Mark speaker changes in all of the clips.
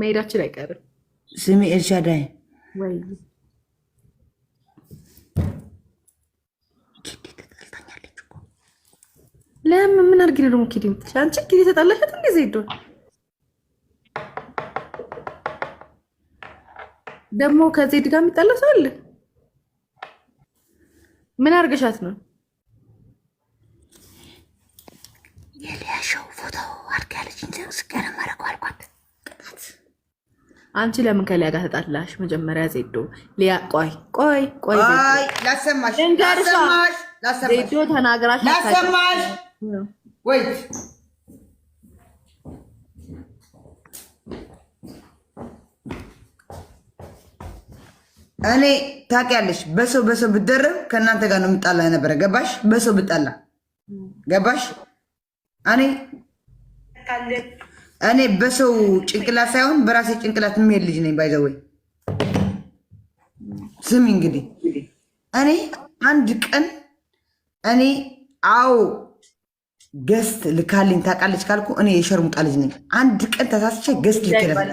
Speaker 1: መሄዳችን አይቀርም።
Speaker 2: ስሜ ኤልሻዳይ
Speaker 1: ለምን ምን አድርጊ ነው ደግሞ ኬዲ የምትልሽ አንቺ? ኬዲ ተጣላሻት እንዴ? ዘይዶ ደግሞ ከዜድ ጋር የሚጣላ ሰው አለ። ምን አድርገሻት ነው? አንቺ ለምን ከሊያ ጋር ተጣላሽ? መጀመሪያ ዜዶ ሊያ ቆይ ቆይ ቆይ
Speaker 2: ላሰማሽ ላሰማሽ ላሰማሽ፣
Speaker 1: ዜዶ ተናግራሽ
Speaker 2: ላሰማሽ ወይ እኔ ታውቂያለሽ፣ በሰው በሰው ብደረብ ከእናንተ ጋር ነው የምጣላ ነበረ። ገባሽ? በሰው ብጣላ ገባሽ? እኔ እኔ በሰው ጭንቅላት ሳይሆን በራሴ ጭንቅላት የሚሄድ ልጅ ነኝ። ባይዘወይ ስሚ እንግዲህ እኔ አንድ ቀን እኔ አዎ ገስት ልካልኝ ታውቃለች ካልኩ እኔ የሸርሙጣ ልጅ ነኝ። አንድ ቀን ተሳስቼ ገስት ልክ ነበር።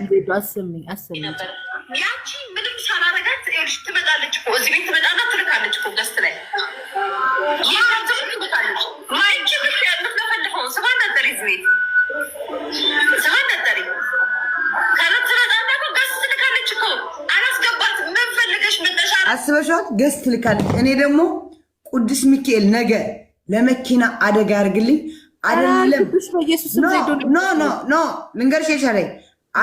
Speaker 2: ያቺ ምንም ሳላረጋት ትመጣለች እዚህ ቤት ትመጣና ትልካለች ገስት ላይ ገስ ትልካለች። እኔ ደግሞ ቅዱስ ሚካኤል ነገ ለመኪና አደጋ አድርግልኝ አይደለም ልንገርሽ የቻለ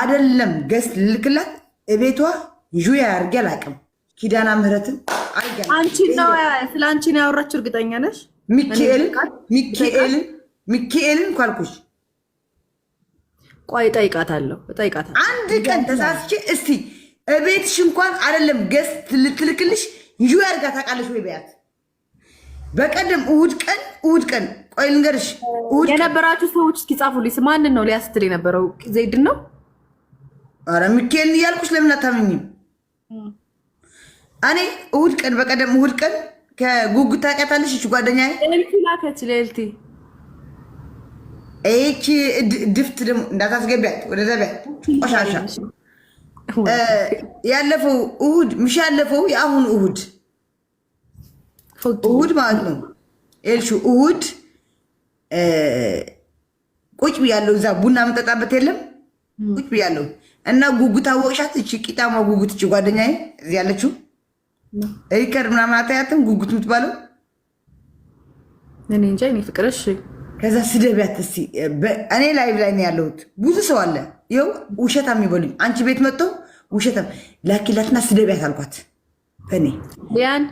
Speaker 2: አደለም ገስ ልልክላት እቤቷ ዩ ያርጌ አላቅም ኪዳና ምህረትን
Speaker 1: ስለ አንቺ ነው ያወራችው። እርግጠኛ ነሽ?
Speaker 2: ሚካኤልን ሚካኤልን ሚካኤልን ኳልኩሽ።
Speaker 1: ቆይ እጠይቃታለሁ እጠይቃታለሁ።
Speaker 2: አንድ ቀን ተሳስቼ እስቲ እቤትሽ እንኳን አደለም ገስ ልትልክልሽ ይዤ ያርጋ ታውቃለች ወይ በያት። በቀደም እሑድ ቀን እሑድ ቀን ቆይ ልንገርሽ፣
Speaker 1: የነበራችሁ ሰዎች እስኪጻፉልኝ ማንን ነው ሊያስትል የነበረው? ዘይድን ነው?
Speaker 2: አረ ሚካኤል እያልኩሽ ለምን አታመኝም? እኔ እሑድ ቀን በቀደም እሑድ ቀን ከጉጉት ታውቂያታለሽ? እች ጓደኛ
Speaker 1: ልቲ ላከች ልቲ
Speaker 2: ይቺ ድፍት ደግሞ እንዳታስገቢያት ወደ ዘቢያ ቆሻሻ ያለፈው እሑድ ምሽ ያለፈው የአሁኑ እሑድ እሁድ ማለት ነው ኤልሹ እሁድ ቁጭ ብያለሁ። እዛ ቡና የምጠጣበት የለም ቁጭ ብያለሁ እና ጉጉት አወቅሻት። እቺ ቂጣማ ጉጉት እቺ ጓደኛዬ እዚህ ያለችው ሪከር ምናምን አታያትም ጉጉት የምትባለው እኔ እንጃ እኔ ከዛ ስደቢያት እስኪ። እኔ ላይቭ ላይ ነው ያለሁት። ብዙ ሰው አለ። ይኸው ውሸታም ይበሉኝ። አንቺ ቤት መጥተው ውሸታም ላኪላትና ስደቢያት አልኳት ያን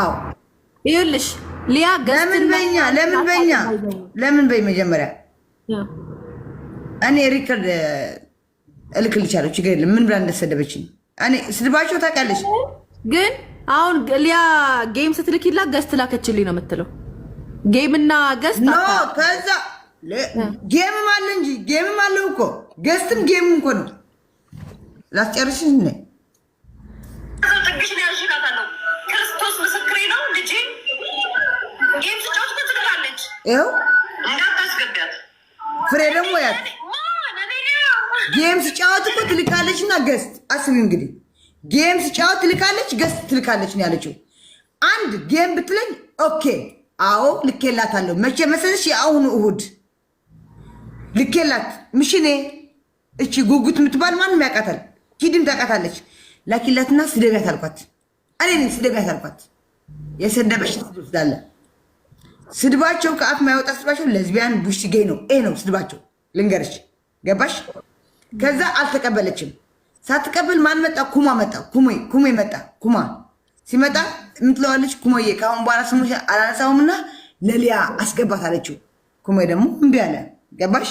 Speaker 2: አዎ
Speaker 1: ይኸውልሽ ሊያ
Speaker 2: ለምን በኛ ለምን በኛ ለምን በይ መጀመሪያ እኔ ሪከርድ እልክልሻለሁ። ችግር የለም። ምን ብላ እንደተሰደበችኝ እኔ ስድባቸው ታውቃለች።
Speaker 1: ግን አሁን ሊያ ጌም ስትልኪላ ገስት ላከችልኝ ነው የምትለው። ጌምና ገስት
Speaker 2: ኖ ከዛ ጌምም አለ እንጂ ጌምም አለው እኮ ገስትም ጌምም እኮ ነው። ላስጨርሽ ላስጨርስሽ ይኸው ፍሬ ደግሞ ያት ጌም ስጫወት እኮ ትልካለች እና ገስት አስቢ እንግዲህ ጌም ስጫወት ትልካለች፣ ገስት ትልካለች ነው ያለችው። አንድ ጌም ብትለኝ ኦኬ አዎ ልኬላታለሁ። መቼ መሰለሽ? የአሁኑ እሁድ ልኬላት ምሽኔ እቺ ጉጉት የምትባል ማንም ያውቃታል፣ ኪድም ታውቃታለች። ላኪላትና ስደቢያት አልኳት። እኔ ስደቢያት አልኳት። የሰደበሽ ትስዳለ ስድባቸው ከአፍ ማይወጣ ስድባቸው ለዝቢያን ቡሽጌ ነው። ይሄ ነው ስድባቸው። ልንገርሽ፣ ገባሽ? ከዛ አልተቀበለችም። ሳትቀበል ማን መጣ? ኩማ መጣ። ኩሜ ኩሜ መጣ። ኩማ ሲመጣ የምትለዋለች ኩሞዬ፣ ከአሁን በኋላ ስሙሽ አላነሳውምና ለሊያ አስገባት አለችው። ኩሜ ደግሞ እምቢ አለ። ገባሽ?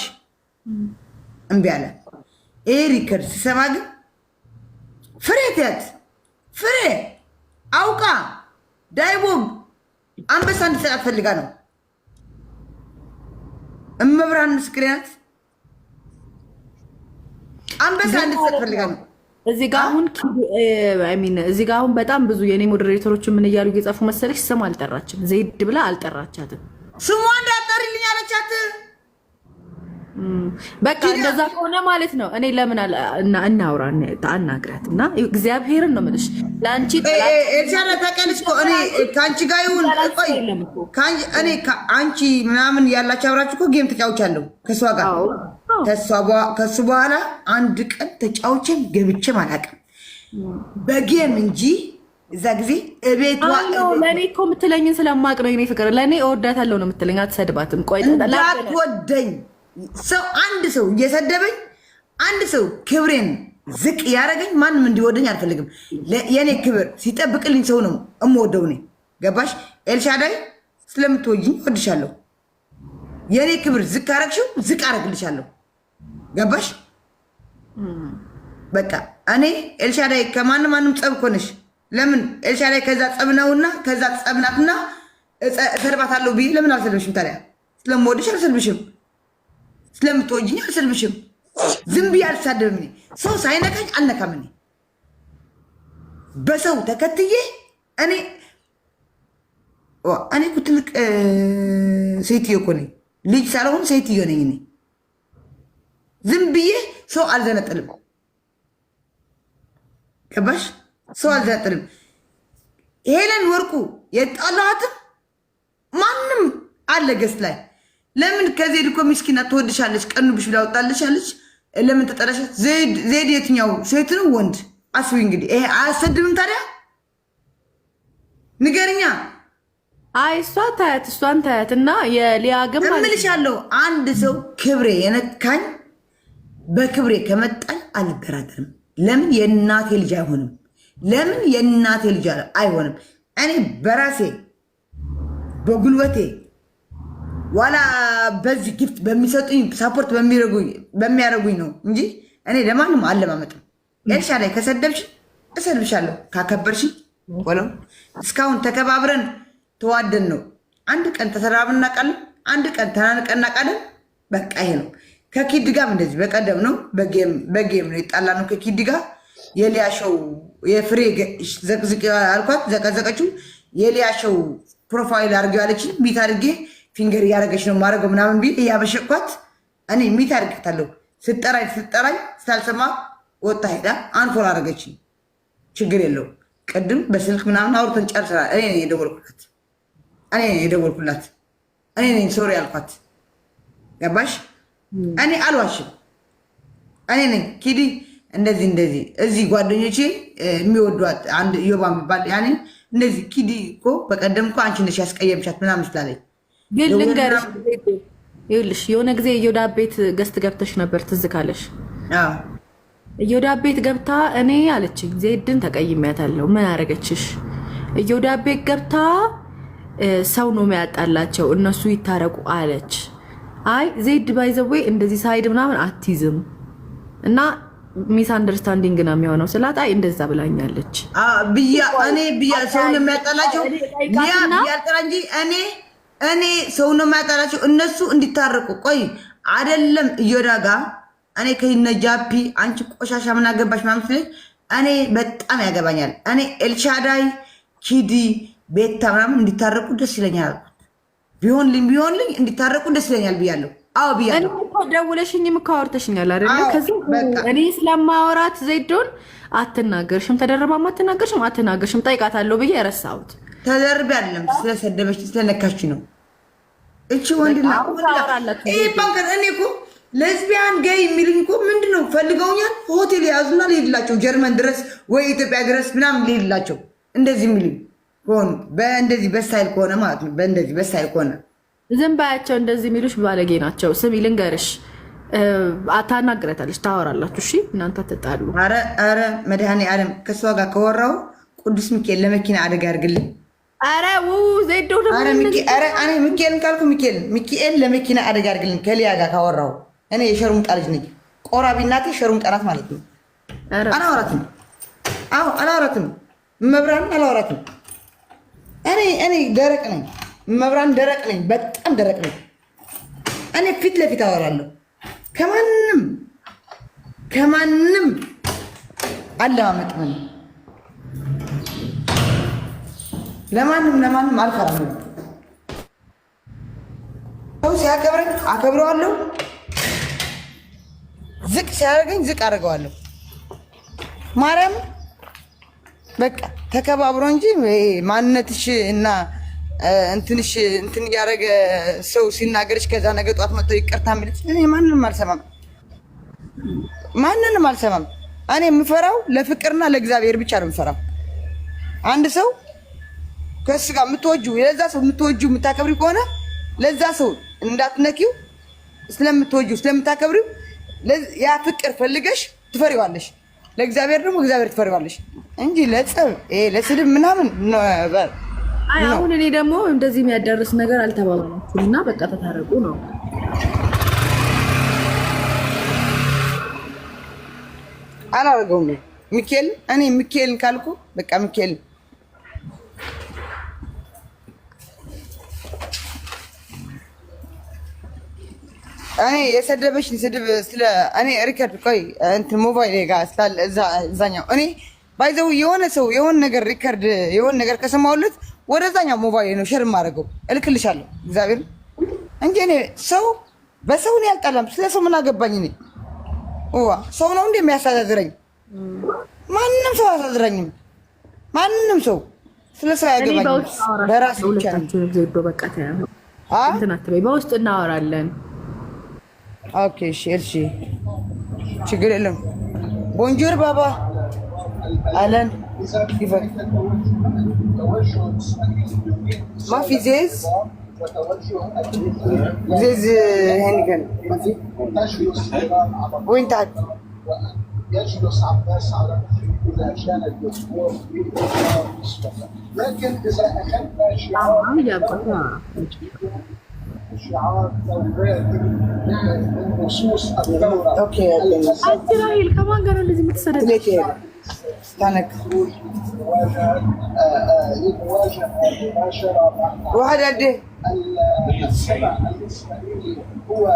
Speaker 2: እምቢ አለ። ይሄ ሪከርድ ሲሰማ ግን ፍሬ ትያት ፍሬ አውቃ ዳይቦግ አንበሳ እንድትሰጣት ፈልጋ ነው። እመብርሃን ምስክሬ ናት። አንበሳ እንድትሰጥ ፈልጋ ነው።
Speaker 1: እዚህ ጋ አሁን እዚህ አሁን በጣም ብዙ የኔ ሞዴሬተሮች ምን እያሉ እየጻፉ መሰለች። ስም አልጠራችም። ዘይድ ብላ አልጠራቻትም።
Speaker 2: ስሟ እንዳጠሪልኝ አለቻት።
Speaker 1: በቃ እንደዛ ከሆነ ማለት ነው። እኔ ለምን እናውራ አናግራት እና እግዚአብሔርን ነው የምልሽ። ለአንቺ
Speaker 2: ኤልሻዳ ታውቂያለሽ እኔ ከአንቺ ጋር ይሁን ቆይ እኔ አንቺ ምናምን ያላችሁ አብራችሁ እኮ ጌም ተጫውቻለሁ ከእሷ ጋር ከሱ በኋላ አንድ ቀን ተጫውቼም ገብቼም አላውቅም በጌም እንጂ እዛ ጊዜ እቤት
Speaker 1: ለእኔ እኮ የምትለኝን ስለማቅ ነው። እኔ ፍቅር ለእኔ እወዳታለሁ ነው የምትለኝ። አትሰድባትም። ቆይ
Speaker 2: እንዳትወደኝ ሰው አንድ ሰው እየሰደበኝ አንድ ሰው ክብሬን ዝቅ ያደረገኝ ማንም እንዲወደኝ አልፈልግም። የእኔ ክብር ሲጠብቅልኝ ሰው ነው እምወደው። እኔ ገባሽ ኤልሻዳይ፣ ስለምትወጅኝ ወድሻለሁ። የእኔ ክብር ዝቅ አረግሽው ዝቅ አረግልሻለሁ። ገባሽ በቃ እኔ ኤልሻዳይ ከማንም ማንም ጸብ ኮነሽ ለምን ኤልሻዳይ ከዛ ጸብ ነውና ከዛ ጸብ ናትና ብዬ ለምን አልሰልብሽም? ታዲያ? ስለምወድሽ አልሰልብሽም። ስለምትወጂኝ አልሰልብሽም። ዝም ብዬ አልሳደብም። እኔ ሰው ሳይነካኝ አልነካም። እኔ በሰው ተከትዬ እኔ እኔ እኮ ትልቅ ሴትዮ እኮ ነኝ። ልጅ ሳልሆን ሴትዮ ነኝ እኔ። ዝም ብዬ ሰው አልዘነጥልም። ገባሽ? ሰው አልዘነጥልም። ሄለን ወርቁ የጣላትም ማንም አለ ገስ ላይ ለምን ከዜድ እኮ ሚስኪና ትወድሻለች፣ ቀኑ ብሽ ብላ ወጣልሻለች። ለምን ተጠላሻት? ዜድ የትኛው ሴት ነው ወንድ? አስቢ እንግዲህ ይሄ አያሰድብም ታዲያ ንገርኛ። አይ እሷ ታያት እሷን ታያት እና የሊያ ግን እምልሻለሁ አንድ ሰው ክብሬ የነካኝ በክብሬ ከመጣኝ አልደራደርም። ለምን የእናቴ ልጅ አይሆንም? ለምን የእናቴ ልጅ አይሆንም? እኔ በራሴ በጉልበቴ ዋላ በዚህ ጊፍት በሚሰጡኝ ሳፖርት በሚያደርጉኝ ነው እንጂ እኔ ለማንም አለማመጥም። ኤልሻ ላይ ከሰደብሽ እሰድብሻለሁ፣ ካከበርሽ ወለው እስካሁን ተከባብረን ተዋደን ነው። አንድ ቀን ተሰራብን እናውቃለን፣ አንድ ቀን ተናንቀን እናውቃለን። በቃ ይሄ ነው። ከኪድ ጋር እንደዚህ በቀደም ነው በጌም ነው የጣላ ነው ከኪድ ጋር የሊያሸው የፍሬ ዘቅዝቅ አልኳት፣ ዘቀዘቀችው። የሊያሸው ፕሮፋይል አድርጌ ያለችኝ ሚት አድርጌ ፊንገር እያደረገች ነው ማድረገው ምናምን ቢል እያበሸኳት እኔ ሚት አድርጌታለሁ። ስጠራኝ ስጠራኝ ስታልሰማ ወጣ ሄዳ አንፎል አደረገችኝ። ችግር የለው ቅድም በስልክ ምናምን አውርተን ጨርሰናል። እኔ ነኝ የደወልኩላት እኔ ነኝ የደወልኩላት እኔ ነኝ ሶሪ አልኳት። ገባሽ? እኔ አልዋሽም። እኔ ነኝ ኪዲ እንደዚህ እንደዚህ እዚህ ጓደኞቼ የሚወዷት አንድ ዮባ የሚባል ያኔ እንደዚህ ኪዲ እኮ በቀደም እኮ አንቺ ነሽ ያስቀየምሻት ምናምን ስላለኝ ግን ልንገርሽ ይኸውልሽ የሆነ ጊዜ የዮዳ ቤት ገስት ገብተሽ ነበር፣ ትዝ ካለሽ የዮዳ ቤት ገብታ እኔ አለችኝ። ዜድን ተቀይሜያታለሁ። ምን አደረገችሽ? የዮዳ ቤት ገብታ ሰው ነው የሚያጣላቸው እነሱ ይታረቁ አለች። አይ ዜድ ባይዘዌ እንደዚህ ሳይድ ምናምን አትይዝም እና ሚስ አንደርስታንዲንግ ነው የሚሆነው ስላት፣ አይ እንደዛ ብላኛለች ብያ እኔ ብያ ሰውን የሚያጠላቸው ብያ እንጂ እኔ እኔ ሰው ነው የማያጠላቸው እነሱ እንዲታረቁ። ቆይ አይደለም እዮዳጋ እኔ ከነጃፒ አንቺ ቆሻሻ ምን አገባሽ ማለት እኔ በጣም ያገባኛል። እኔ ኤልሻዳይ ኪዲ ቤታ ምናምን እንዲታረቁ ደስ ይለኛል አልኩት። ቢሆንልኝ ቢሆንልኝ እንዲታረቁ ደስ ይለኛል ብያለሁ። አዎ ብያለሁ። ደውለሽኝም እኮ አወርተሽኛል አይደለ? ከዚህ እኔ ስለማወራት ዘይዶን አትናገርሽም፣ ተደርባም አትናገርሽም፣ አትናገርሽም ጠይቃታለሁ ብዬ የረሳሁት ተደርቤ አይደለም ስለሰደበች ስለነካች ነው። እቺ ወንድና እኔ እኮ ሌዝቢያን ገይ የሚልኝ እኮ ምንድን ነው ፈልገውኛል። ሆቴል የያዙና ሊሄድላቸው ጀርመን ድረስ ወይ ኢትዮጵያ ድረስ ምናምን ሊሄድላቸው እንደዚህ የሚልኝ ከሆኑ በእንደዚህ በስታይል ከሆነ ማለት ነው። በእንደዚህ በስታይል ከሆነ ዝም ባያቸው። እንደዚህ የሚሉሽ ባለጌ ናቸው። ስም ልንገርሽ፣ ታናግረታለች፣ ታወራላችሁ። እሺ እናንተ ትጣሉ። አረ አረ መድኃኔ ዓለም ከእሷ ጋር ከወራው ቅዱስ ሚካኤል ለመኪና አደጋ ያርግልኝ። አረ ው ዜዶ ደግሞ ሚኬልን ካልኩ ሚካኤል ሚካኤል ለመኪና አደጋ አድርግልን ከሊያ ጋር ካወራው እኔ የሸሩም ልጅ ነኝ። ቆራቢ እናቴ ሸርሙጣ ናት ማለት ነው። አላወራትም። አዎ አላወራትም። መብራን አላወራትም። እኔ እኔ ደረቅ ነኝ። መብራን ደረቅ ነኝ። በጣም ደረቅ ነኝ። እኔ ፊት ለፊት አወራለሁ ከማንም ከማንም አለማመጥ ነው ለማንም ለማንም አልፈራም። ሰው ሲያከብረኝ አከብረዋለሁ፣ ዝቅ ሲያደርገኝ ዝቅ አድርገዋለሁ። ማርያም በቃ ተከባብሮ እንጂ ማንነትሽ እና እንትንሽ እንትን እያደረገ ሰው ሲናገርሽ ከዛ ነገ ጠዋት መጥቶ ይቅርታ የሚልሽ እኔ ማንንም አልሰማም፣ ማንንም አልሰማም። እኔ የምፈራው ለፍቅርና ለእግዚአብሔር ብቻ ነው የምፈራው አንድ ሰው ከእሱ ጋር የምትወጂው ለዛ ሰው የምትወጂው የምታከብሪው ከሆነ ለዛ ሰው እንዳትነኪው ስለምትወጂው ስለምታከብሪው ያ ፍቅር ፈልገሽ ትፈሪዋለሽ። ለእግዚአብሔር ደግሞ እግዚአብሔር ትፈሪዋለሽ እንጂ ለጸብ ለስድብ ምናምን ነበር። አሁን እኔ ደግሞ እንደዚህ የሚያዳርስ ነገር አልተባባላችሁም እና በቃ ተታረቁ ነው። አላደርገውም ሚካኤል እኔ ሚካኤልን ካልኩ በቃ ሚካኤልን እኔ የሰደበሽ ስድብ ስለ እኔ ሪከርድ ቆይ እንትን ሞባይል ጋር ስላለ እዛኛው እኔ ባይዘው የሆነ ሰው የሆነ ነገር ሪከርድ የሆነ ነገር ከሰማሁለት ወደዛኛው ሞባይል ነው ሸር የማደርገው እልክልሻለሁ። እግዚአብሔር እንጂ እኔ ሰው በሰው ነው ያልጣላም። ስለ ሰው ምን አገባኝ እኔ? ዋ ሰው ነው እንዴ የሚያስተዳድረኝ ማንም ሰው አያስተዳድረኝም። ማንም ሰው ስለ ሰው ያገባኝ በራስ ብቻ ነው። በውስጥ እናወራለን ኦኬ እሺ፣ እሺ፣ ችግር የለም። ቦንጆር ባባ አለን ይፈል ማፊ ዜዝ ዜዝ ሄንገን ወይንታት شعار ثوراتي من نصوص الثوره اوكي انت راهي الكمانجره اللي ما تسردش تانك واحد قد ايه؟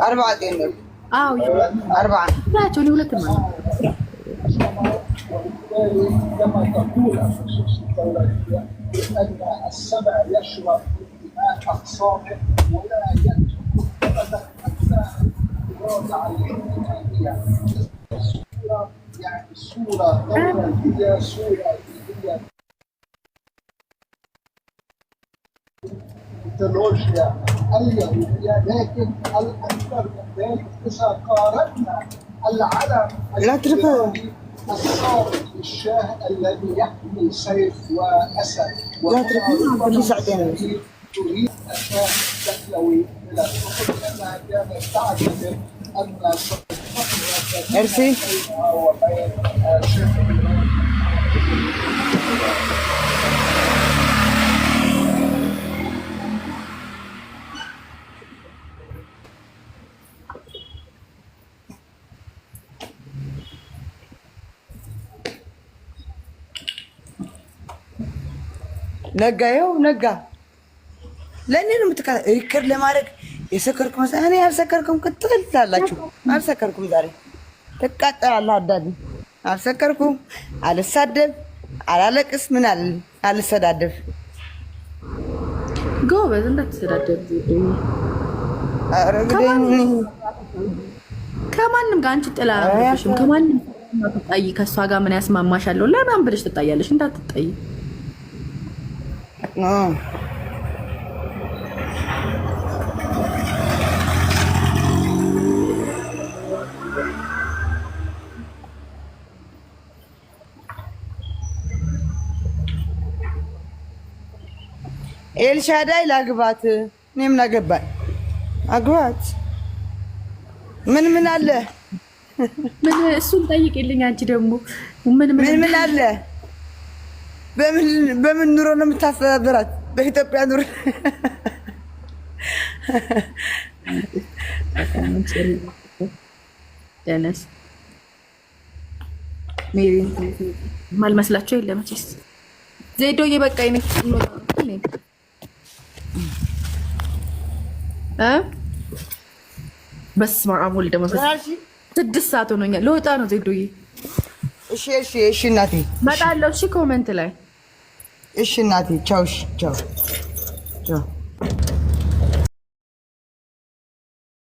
Speaker 2: أربعة دينار اه أربعة لا تولي ولا تمام وبالتالي كما تقول النصوص الدولية أن السبع يشرب من دماء أقسامه ولا يعني الصورة هي صورة هي ميثولوجيا اليهودية لكن الأكثر من ذلك إذا قارنا العلم لا ترفع الصارخ الشاه الذي يحمل سيف وأسد لا ترفع تريد أسد Merci. ነጋየው ነጋ ለእኔ ነው የምትከታ ሪከርድ ለማድረግ የሰከርኩ መሰለህ። እኔ አልሰከርኩም ቅጥል አልሰከርኩም ዛሬ ትቃጠላለህ። አዳድ አልሰከርኩም። አልሳደብ፣ አላለቅስ፣ ምን አለ አልሰዳደብ። ጎበዝ እንዳትሰዳደብ። ከማንም ጋር አንቺ ጥላ አልሽም። ከማንም ትጣይ ከእሷ ጋር ምን ያስማማሻለሁ? ለማን ብለሽ ትጣያለሽ? እንዳትጣይ ኤልሻዳይ ላግባት። እኔ ምን አግባት። ምን ምን አለ? ምን እሱን ጠይቅልኝ። አንቺ ደግሞ ምን ምን አለ? በምን ኑሮ ነው የምታስተዳድራት? በኢትዮጵያ ኑሮ ደነስ ማልመስላቸው የለም ዜዶዬ፣ በቃ ይነ በስመ አብ ወልድ መንፈስ ስድስት ሰዓት ሆኖኛል። ለወጣ ነው ዜዶዬ። እሺ እሺ እሺ እናቴ እመጣለሁ። እሺ ኮመንት ላይ እሺ እናቴ። ቻው ቻው ቻው